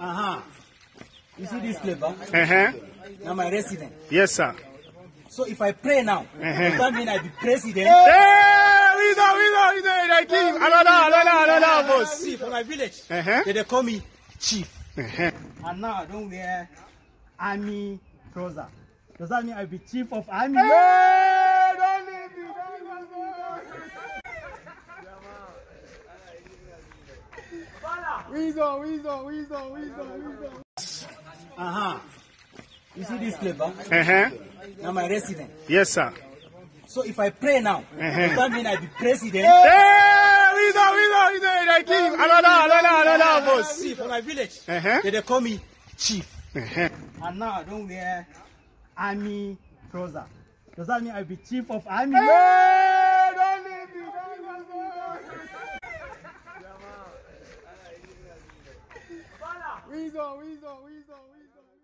Uh-huh. You see this paper? Uh-huh. Now my resident. Yes, sir. So if I pray now, uh-huh. that mean I be president? Yeah, we know, we know, we know. Like him. Another, another, another boss. See, from my village, uh-huh. they, they call me chief. Uh-huh. And now I don't wear army trouser. Does that mean I be chief of army? Hey! Weasel, weasel, weasel, weasel, weasel. Uh-huh. You see this paper? Uh-huh. Now my resident. Yes, sir. So if I pray now, uh-huh. does that mean I be president? Yeah! Weasel, weasel, weasel, like him. Another, another, another boss. See, for my village, uh-huh. they, they call me chief. Uh-huh. And now I don't wear army trouser. Does that mean I be chief of army? Hey! Weasel, Weasel, Weasel, Weasel.